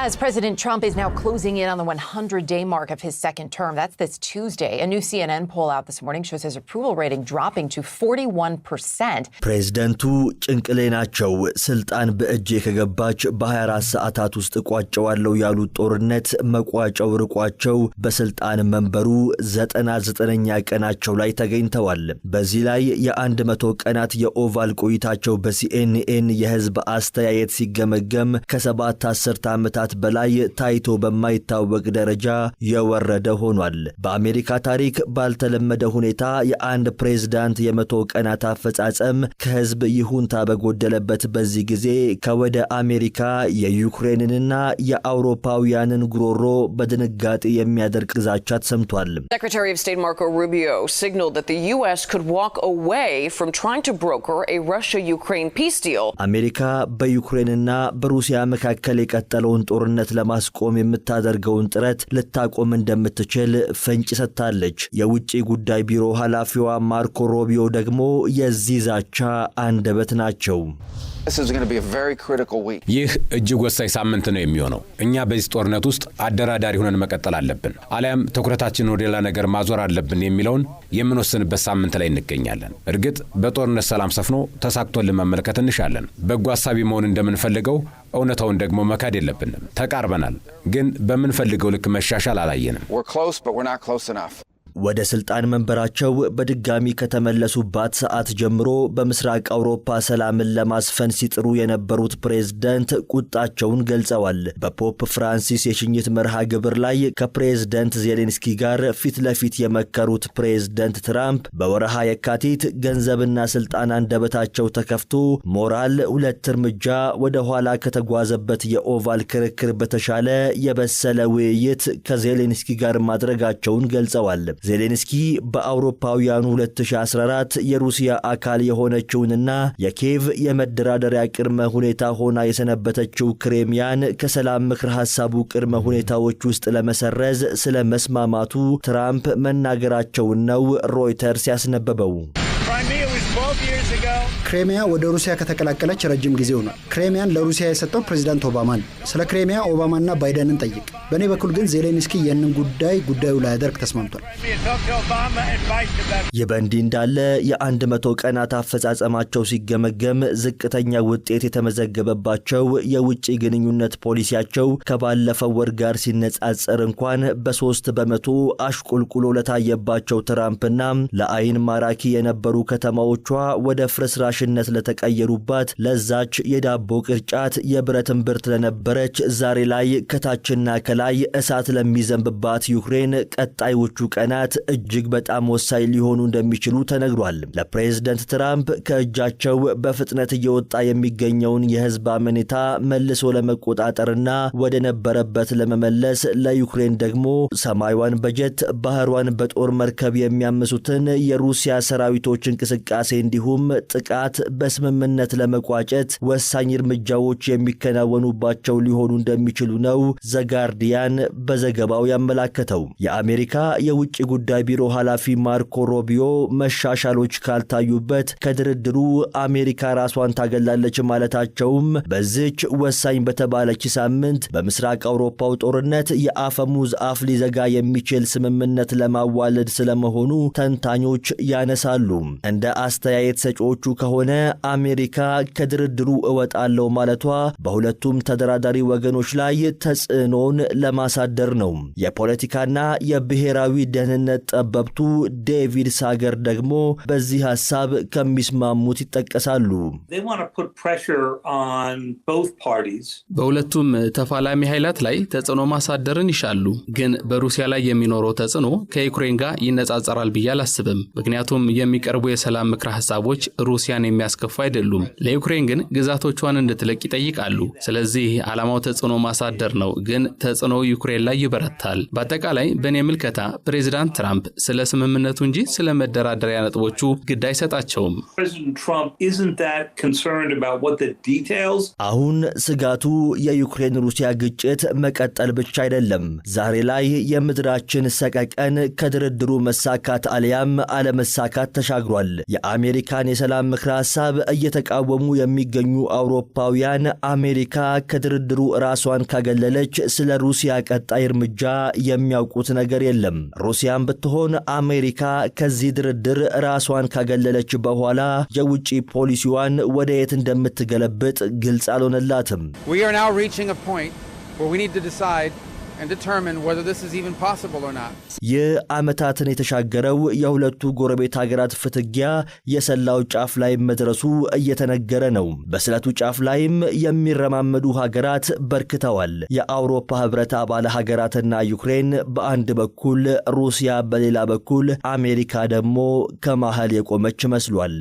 As President Trump is now closing in on the 100 day mark of his second term, that's this Tuesday. A new CNN poll out this morning shows his approval rating dropping to 41%. ፕሬዝደንቱ ጭንቅሌ ናቸው፣ ስልጣን በእጄ ከገባች በ24 ሰዓታት ውስጥ እቋጨዋለሁ ያሉት ጦርነት መቋጫው ርቋቸው በስልጣን መንበሩ 99ኛ ቀናቸው ላይ ተገኝተዋል። በዚህ ላይ የ100 ቀናት የኦቫል ቆይታቸው በሲኤንኤን የህዝብ አስተያየት ሲገመገም ከሰባት አስርተ ዓመታት ከመጠራት በላይ ታይቶ በማይታወቅ ደረጃ የወረደ ሆኗል። በአሜሪካ ታሪክ ባልተለመደ ሁኔታ የአንድ ፕሬዝዳንት የመቶ ቀናት አፈጻጸም ከህዝብ ይሁንታ በጎደለበት በዚህ ጊዜ ከወደ አሜሪካ የዩክሬንንና የአውሮፓውያንን ጉሮሮ በድንጋጤ የሚያደርግ ዛቻ ተሰምቷል። Secretary of State Marco Rubio signaled that the U.S. could walk away from trying አሜሪካ በዩክሬንና በሩሲያ መካከል የቀጠለውን ጦርነት ለማስቆም የምታደርገውን ጥረት ልታቆም እንደምትችል ፍንጭ ሰጥታለች። የውጭ ጉዳይ ቢሮ ኃላፊዋ ማርኮ ሮቢዮ ደግሞ የዚህ ዛቻ አንደበት ናቸው። ይህ እጅግ ወሳኝ ሳምንት ነው የሚሆነው። እኛ በዚህ ጦርነት ውስጥ አደራዳሪ ሆነን መቀጠል አለብን፣ አሊያም ትኩረታችንን ወደ ሌላ ነገር ማዞር አለብን የሚለውን የምንወስንበት ሳምንት ላይ እንገኛለን። እርግጥ በጦርነት ሰላም ሰፍኖ ተሳክቶልን መመልከት እንሻለን። በጎ አሳቢ መሆን እንደምንፈልገው እውነታውን ደግሞ መካድ የለብንም። ተቃርበናል፣ ግን በምንፈልገው ልክ መሻሻል አላየንም። ወደ ስልጣን መንበራቸው በድጋሚ ከተመለሱባት ሰዓት ጀምሮ በምስራቅ አውሮፓ ሰላምን ለማስፈን ሲጥሩ የነበሩት ፕሬዝደንት ቁጣቸውን ገልጸዋል። በፖፕ ፍራንሲስ የሽኝት መርሃ ግብር ላይ ከፕሬዝደንት ዜሌንስኪ ጋር ፊት ለፊት የመከሩት ፕሬዝደንት ትራምፕ በወረሃ የካቲት ገንዘብና ስልጣን አንደበታቸው ተከፍቶ ሞራል ሁለት እርምጃ ወደ ኋላ ከተጓዘበት የኦቫል ክርክር በተሻለ የበሰለ ውይይት ከዜሌንስኪ ጋር ማድረጋቸውን ገልጸዋል። ዜሌንስኪ በአውሮፓውያኑ 2014 የሩሲያ አካል የሆነችውንና የኬቭ የመደራደሪያ ቅድመ ሁኔታ ሆና የሰነበተችው ክሬሚያን ከሰላም ምክር ሐሳቡ ቅድመ ሁኔታዎች ውስጥ ለመሰረዝ ስለ መስማማቱ ትራምፕ መናገራቸውን ነው ሮይተርስ ያስነበበው። ክሬሚያ ወደ ሩሲያ ከተቀላቀለች ረጅም ጊዜ ሆኗል። ክሬሚያን ለሩሲያ የሰጠው ፕሬዚዳንት ኦባማ ነው። ስለ ክሬሚያ ኦባማና ባይደንን ጠይቅ። በእኔ በኩል ግን ዜሌንስኪ ይህንን ጉዳይ ጉዳዩ ላያደርግ ተስማምቷል። ይህ በእንዲህ እንዳለ የአንድ መቶ ቀናት አፈጻጸማቸው ሲገመገም ዝቅተኛ ውጤት የተመዘገበባቸው የውጭ ግንኙነት ፖሊሲያቸው ከባለፈው ወር ጋር ሲነጻጸር እንኳን በሶስት በመቶ አሽቁልቁሎ ለታየባቸው ትራምፕና ለአይን ማራኪ የነበሩ ከተማዎቿ ወደ ፍርስራሽ በለጋሽነት ለተቀየሩባት ለዛች የዳቦ ቅርጫት የብረት እምብርት ለነበረች ዛሬ ላይ ከታችና ከላይ እሳት ለሚዘንብባት ዩክሬን ቀጣዮቹ ቀናት እጅግ በጣም ወሳኝ ሊሆኑ እንደሚችሉ ተነግሯል። ለፕሬዝደንት ትራምፕ ከእጃቸው በፍጥነት እየወጣ የሚገኘውን የህዝብ አመኔታ መልሶ ለመቆጣጠርና ወደ ነበረበት ለመመለስ ለዩክሬን ደግሞ ሰማይዋን በጀት ባህሯን በጦር መርከብ የሚያምሱትን የሩሲያ ሰራዊቶች እንቅስቃሴ እንዲሁም ጥቃት ጥቃት በስምምነት ለመቋጨት ወሳኝ እርምጃዎች የሚከናወኑባቸው ሊሆኑ እንደሚችሉ ነው ዘጋርዲያን በዘገባው ያመላከተው። የአሜሪካ የውጭ ጉዳይ ቢሮ ኃላፊ ማርኮ ሮቢዮ መሻሻሎች ካልታዩበት ከድርድሩ አሜሪካ ራሷን ታገላለች ማለታቸውም በዚች ወሳኝ በተባለች ሳምንት በምስራቅ አውሮፓው ጦርነት የአፈሙዝ አፍ ሊዘጋ የሚችል ስምምነት ለማዋለድ ስለመሆኑ ተንታኞች ያነሳሉ። እንደ አስተያየት ሰጪዎቹ ከሆነ ሆነ አሜሪካ ከድርድሩ እወጣለው ማለቷ በሁለቱም ተደራዳሪ ወገኖች ላይ ተጽዕኖውን ለማሳደር ነው። የፖለቲካና የብሔራዊ ደህንነት ጠበብቱ ዴቪድ ሳገር ደግሞ በዚህ ሀሳብ ከሚስማሙት ይጠቀሳሉ። በሁለቱም ተፋላሚ ኃይላት ላይ ተጽዕኖ ማሳደርን ይሻሉ። ግን በሩሲያ ላይ የሚኖረው ተጽዕኖ ከዩክሬን ጋር ይነጻጸራል ብዬ አላስብም። ምክንያቱም የሚቀርቡ የሰላም ምክረ ሀሳቦች ሩሲያን የሚያስከፉ አይደሉም። ለዩክሬን ግን ግዛቶቿን እንድትለቅ ይጠይቃሉ። ስለዚህ ዓላማው ተጽዕኖ ማሳደር ነው፣ ግን ተጽዕኖ ዩክሬን ላይ ይበረታል። በአጠቃላይ በእኔ ምልከታ ፕሬዚዳንት ትራምፕ ስለ ስምምነቱ እንጂ ስለ መደራደሪያ ነጥቦቹ ግድ አይሰጣቸውም። አሁን ስጋቱ የዩክሬን ሩሲያ ግጭት መቀጠል ብቻ አይደለም። ዛሬ ላይ የምድራችን ሰቀቀን ከድርድሩ መሳካት አልያም አለመሳካት ተሻግሯል። የአሜሪካን የሰላም ምክራ ሐሳብ እየተቃወሙ የሚገኙ አውሮፓውያን አሜሪካ ከድርድሩ ራሷን ካገለለች ስለ ሩሲያ ቀጣይ እርምጃ የሚያውቁት ነገር የለም። ሩሲያም ብትሆን አሜሪካ ከዚህ ድርድር ራሷን ካገለለች በኋላ የውጭ ፖሊሲዋን ወደ የት እንደምትገለብጥ ግልጽ አልሆነላትም። የዓመታትን የተሻገረው የሁለቱ ጎረቤት ሀገራት ፍትጊያ የሰላው ጫፍ ላይ መድረሱ እየተነገረ ነው። በስለቱ ጫፍ ላይም የሚረማመዱ ሀገራት በርክተዋል። የአውሮፓ ህብረት አባል ሀገራትና ዩክሬን በአንድ በኩል፣ ሩሲያ በሌላ በኩል፣ አሜሪካ ደግሞ ከመሃል የቆመች መስሏል።